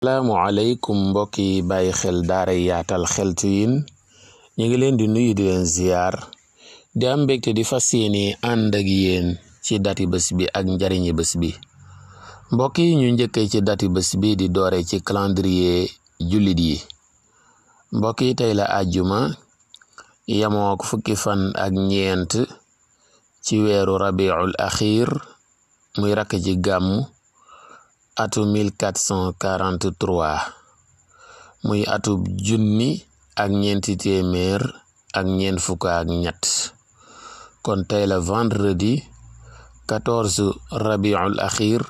salaamualeykum mbokk yi bàyyi xel daara yaatal xeltu yin ñu ngi leen di nuyu di leen di am mbégte di fas yéene ànd ak ci dati bés ak njariñi bés bi mbokk yi ñu njëkkee ci dati bés bi di doore ci calendrier jullit yi mbokk yi tey la àjjuma yamook fukki fan ak ñeent ci weeru rabiul axiir muy rakk ci gàmmu atu 1443 muy atub junni ak ñeenti téeméer ak ñeent fukk ak ñett kon tey la vendredi 14 rabiul axir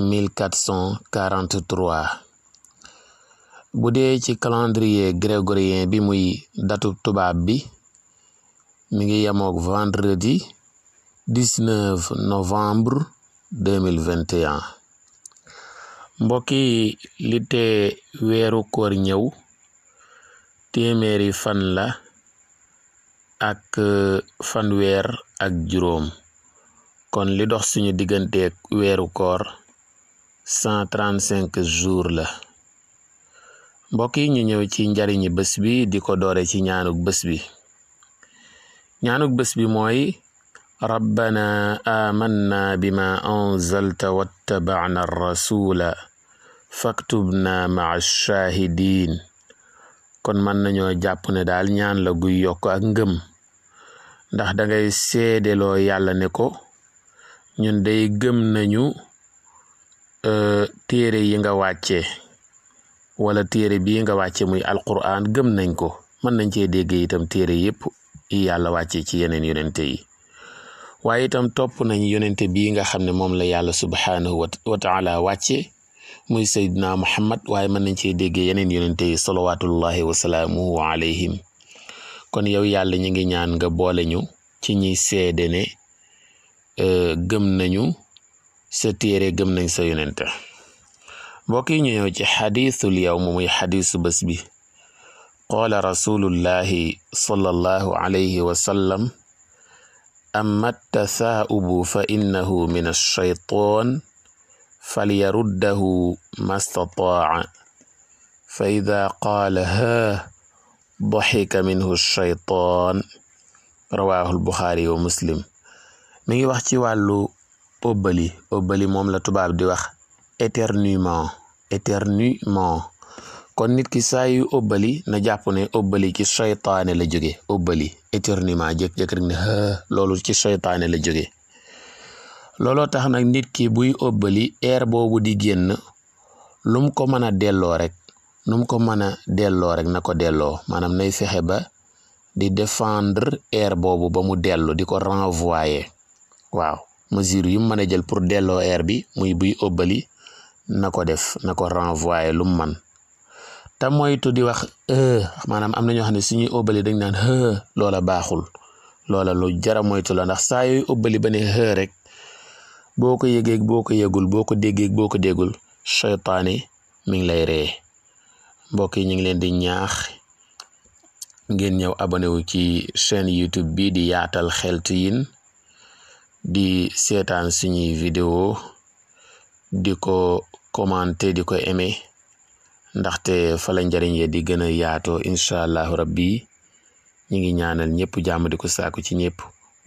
1443 bu dee ci calendrier grégorien bi muy datub tubaab bi mi ngi yemoog vendredi 19 novembre 2021 mbokk yi li tee weeru koor ñëw téeméeri la ak uh, fanweer ak juróom kon li dox suñu digganteeg weeru koor 135 jours la mbokk yi ñu ñëw ci njariñi bés bi di ko doore ci ñaanuk bés bi ñaanuk bés bi mooy rabbana amanna bima anzalta wattaba'na ar-rasula faktubna maa shaahidin kon mën nañoo jàpp ne daal ñaan la guy yokk ak ngëm ndax dangay seedeloo yàlla ne ko ñun day gëm nañu euh, téere yi nga wàcce wala téere bii nga wàcce muy alquran gëm nañ ko mën nañ cee dégg itam téere yépp yi yàlla wàcce ci yeneen yonente yi waaye itam topp nañ yonente bii nga xam ne moom la yàlla subhaanahu wa taala wàcce muy saydna muhammad waaye mën nañ cee déggee yeneen yonente yi salawatullahi wasalaamuhu alayhim kon yow yàlla ñu ngi ñaan nga boole ñu ci ñiy seede ne e, gëm nañu sa téere gëm nañ sa yonente mbokk yi ñu ñëw ci xadiisul yawm muy xadiisu bés bi qaala rasulullahi sallallahu alayhi wasallam amma tasaubu fa innahu min alcheytaan falyaruddahu mastataaca fa ida qaalahaa doxika minhu shaytaan rawaahul buxaari wa muslim mi ngi wax ci wàllu óbbali óbbali moom la tubaab di wax éternuement éternuement kon nit ki saa yu na jàpp ne óbbali ci shaytaane la jóge óbbali éternuement jékki-jékki rek ne loolu ci shaytaane la jóge looloo tax nag nit ki buy ëbbali air boobu di génn lum ko mën a delloo rek num ko mën a delloo rek na ko delloo maanaam nay fexe ba di défendre air boobu ba mu dellu di ko renvoyer waaw mesure yu mu mën a jël pour delloo air bi muy buy ëbbali na ko def na ko renvoyer lum man te moytu di wax maanaam am na ñoo xam ne suñuy ëbbali dañ naan loola baaxul loola lu jara moytu la ndax saa yooyu ëbbali ba rek boo ko yëgeeg boo ko yëgul boo ko déggeeg boo ko déggul seytaane mi ngi lay ree mbokk yi ñu ngi leen di ñaax ngeen ñëw abonné wu ci chaîne YouTube bii di yaatal xeltu yin di seetaan suñuy vidéo di ko commenter di ko aimer ndaxte fa la njariñ ye di gën a yaatoo allah allahu rabbi ñi ngi ñaanal ñëpp jàmm ko saaku ci ñëpp